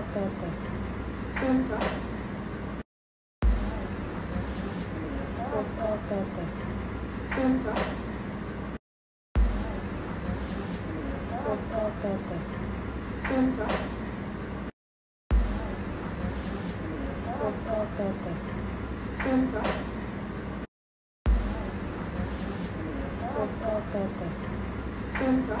होता होता कौन सा होता होता होता कौन सा होता होता होता कौन सा होता होता होता कौन सा होता होता होता कौन सा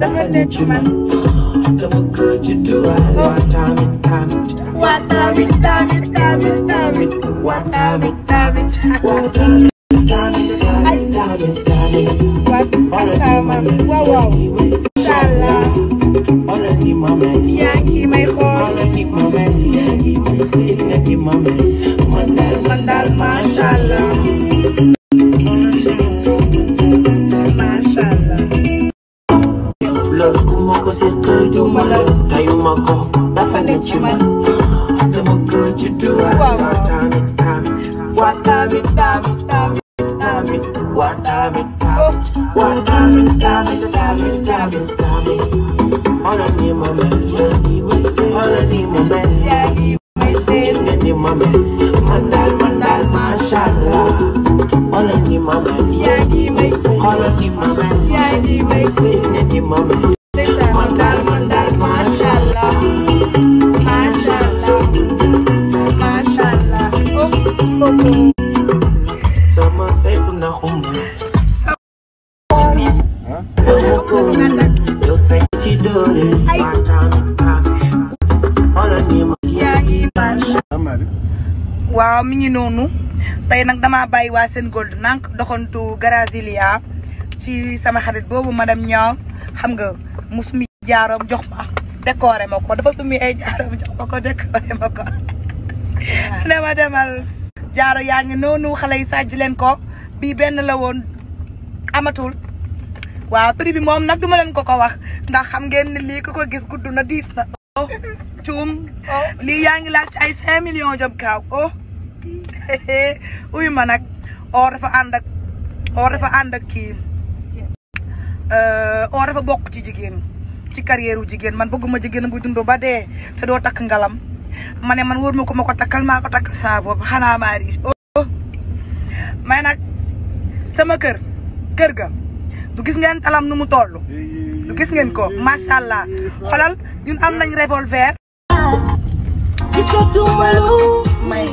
dafa nekk ci man dama ko juddu waa tamit tamit waa tamit tamit tamit tamit waa tamit tamit waa tamit ay tamit tamit waa tamit waaw waaw sala yaa ngi may xool man daal man daal macha allah fàttuma la tayuma ko dafa ne ci man dama gën ci dura tamit tamit wa tamit tamit tamit tamit wa tamit tamit oh. wa tamit tamit tamit tamit tamit waaw mi ngi noonu tey nag dama bàyyi waa seen gold nank doxantu Grazilia ci sama xarit boobu ma dem Niang xam nga mu sumi jaaroom jox ma décoré ma ko dafa sumi ay jaaroom jox ma ko décoré ma ko ne demal jaaro yaa ngi noonu xale yi sàjj leen ko bii benn la woon amatul waaw prix bi moom nag duma leen ko ko wax ndax xam ngeen ni lii ko gis gudd na diis na oh cuum yaa ngi laaj ci ay cinq millions job kaaw oh uyu ma nag or dafa ànd ak or dafa ànd ak kii euh, bokk ci jigéen ci carrière wu jigéen man bëgguma jigéen buy dundoo ba dee te doo takk ngalam ma ne man wóor ma ko ma ko takkal maa ko takkal saa boobu xanaa maa riis oh, oh. may nag sama kër kër ga du gis ngeen talam nu mu toll du gis ngeen ko macha allah xolal am nañ revolver. may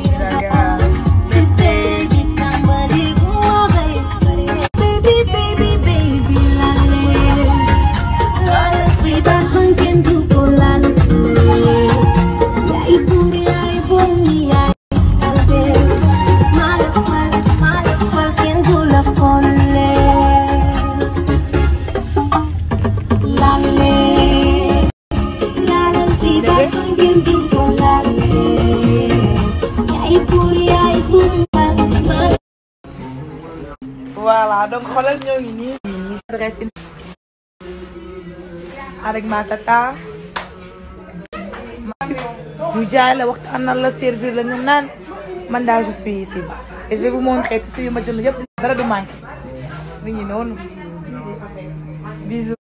building donc xoolal ñoo ngi nii dress in avec ma tata ñu jaay la waxtaanal la servir la ñu naan man daal je suis ici et je vais vous ma jënd yëpp dara du manqué mi noonu bisous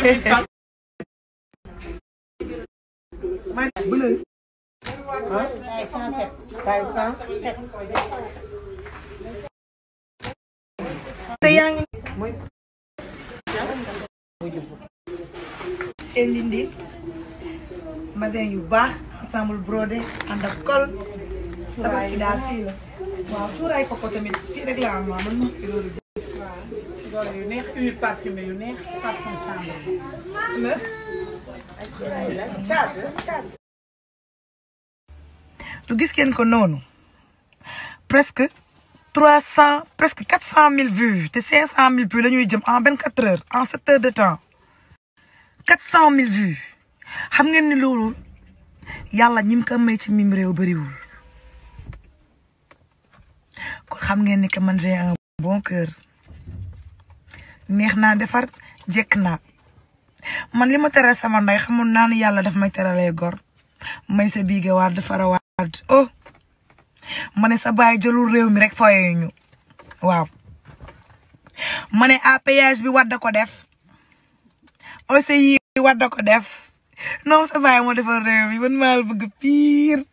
seen dindi magasin yu baax ensemble brodé ànd ak col tabaski daal fii am waaw man ma fi loolu lu yu gis ngeen ko noonu presque trois cent presque quatre cent mille vues te cinq cent mille vues la ñuy jëm en vingt quatre heures en sept heures de temps quatre cent mille vues xam ngeen ni loolu yàlla ñi mu may ci mim réew bëriwul kon xam ngeen ni que man j'ai un bon cœur. neex naa defar jekk naa man li ma teral sama ndey xamul naa ne yàlla daf may teralee gor may sa biige waat dafa rawaat oh ma ne sa baay jëlul réew mi rek fooyee ñu waaw ma ne APH bi wadda ko def OCI bi wadda ko def non sa baay defar réew mi man maa la bëgg pire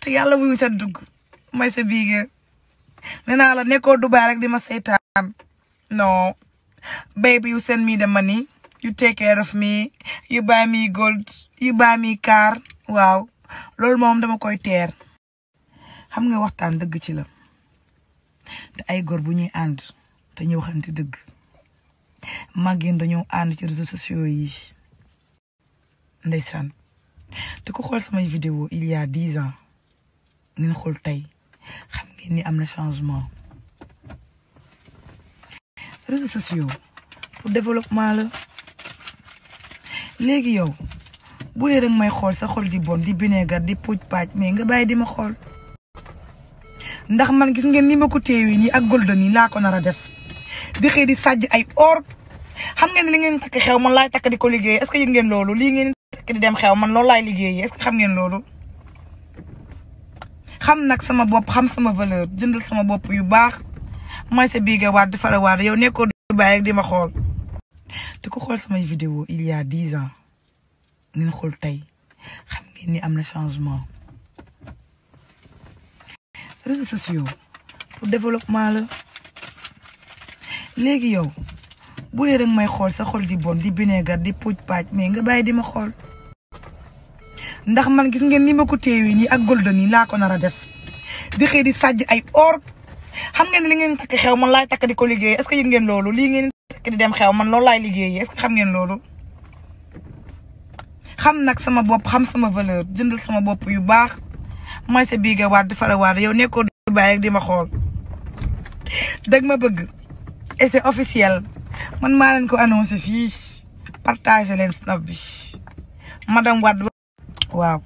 te yàlla bu ñu ca dugg may sa biige nee naa la nekkoo Dubaay rek di ma seytaan non baby you send me the money you take care of me you buy me gold you buy me car waaw loolu moom dama koy teer xam nga waxtaan dëgg ci la te ay gor bu ñuy ànd dañuy waxante dëgg mag yéen dañoo ànd ci réseaux sociaux yi ndeysaan te ku xool samay video il y a dix ans ngeen xool tey xam ngeen ni am na changement réseaux sociaux pour développement la léegi yow bu dee danga may xool sa xol di bon di bineegar di puuj paaj mais nga bàyyi di ma xool ndax man gis ngeen ni ma ko téewee nii ak golden yi laa ko nar a def di xëy di sàjj ay or xam ngeen li ngeen takk xew man laay ko liggéey est que yëg ngeen loolu lii ngeen takk di dem xew man loolu laay liggéey est que xam ngeen loolu xam nag sama bopp xam sama valeur jëndal sama bopp yu baax mooy sa biige waat di fara yow nekkoo du bàyyi di ma xool di ko xool samay vidéo il y a dix ans xool tey xam ngeen ni am na changement réseaux sociaux pour développement la léegi yow bu dee danga may xool sa xol di bon di bineegar di puuj paaj mais nga bàyyi di ma xool ndax man gis ngeen ni ma ko téewee nii ak golden yi laa ko nar a def di xëy di sàjj ay or xam ngeen li ngeen takk xew man laay takk di ko liggéey est-ce que yëg ngeen loolu lii ngeen takk di dem xew man loolu laay liggéey est-ce que xam ngeen loolu xam nag sama bopp xam sama valeur jëndal sama bopp yu baax mooy sa biiga waat di fara waat yow nekkoo du bàyyi di ma xool dëgg ma bëgg et c'est officiel man maa leen ko annoncé fii partagé leen snap bi madame Wade waaw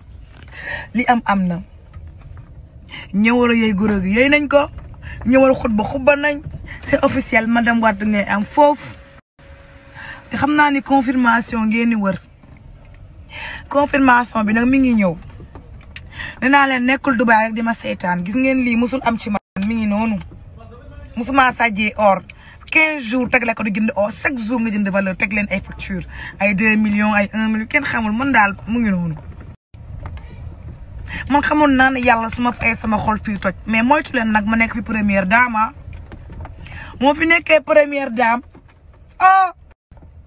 li am am na ñëwara yooyu góor gi yooyu nañ ko ñëwal xutba xutba nañ c'est officiel madame Wade nga am foofu te xam naa ni confirmation ngeen di wër confirmation bi nag mi ngi ñëw ne naa leen nekkul Dubaay rek di ma seytaan gis ngeen lii musul am ci man mi ngi noonu musuma sàjjee or 15 jours teg la ko di jënd or chaque jour nga jënd valeur teg leen ay facture ay 2 millions ay 1 million kenn xamul man daal mu ngi noonu. man xamoon naa ne yàlla suma ma fayee sama xol fii toj mais mooy leen nag ma nekk fi première dame ah moo fi nekkee première dame ah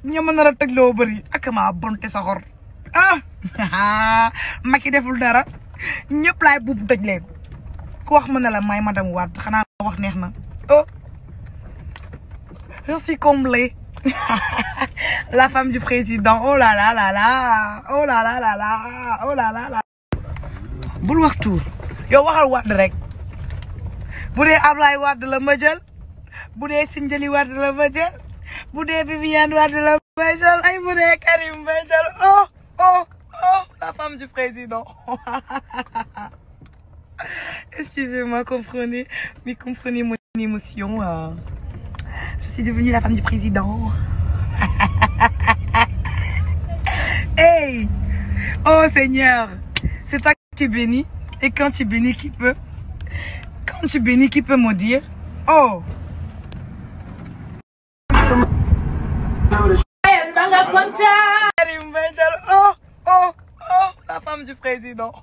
ña ma nar a tëj loo bëri ak maa bonte sa xor ah Macky deful dara ñëpp laay buubu tëj leen ku wax ma ne la may madame Wade xanaa wax neex na oh je suis la femme du président oh là là là là oh là oh bul wax tuur yow waxal Wade rek bu dee Ablaye Wade la ma jël bu dee Sindiély Wade la ma jël bu dee Viviane Wade la ma jël ay bu dee Karim oh oh oh la femme du président excusez-moi comprenez mais comprenez mon émotion je suis devenue la femme du président hey oh Seigneur c'est toi tu bénis et quand tu bénis, qui peut Quand tu bénis, qui peut maudire Oh Oh, oh, oh, la femme du président.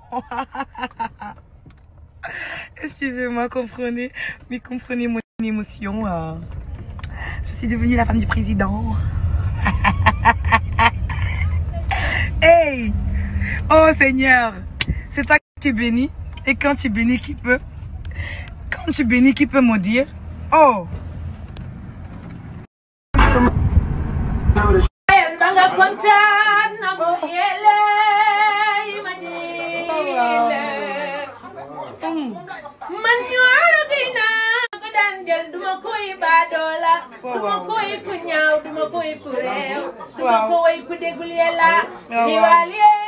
Excusez-moi, comprenez, mais comprenez mon émotion. Je suis devenue la femme du président. hey! Oh Seigneur! C'est toi qui bénis. Et quand tu bénis, qui peut Quand tu bénis, qui peut maudire Oh man ñooru gay naa ko daan jël duma koy baadoola duma koy ku ñaaw duma koy ku réew duma koy ku dégul yàlla diwaal yee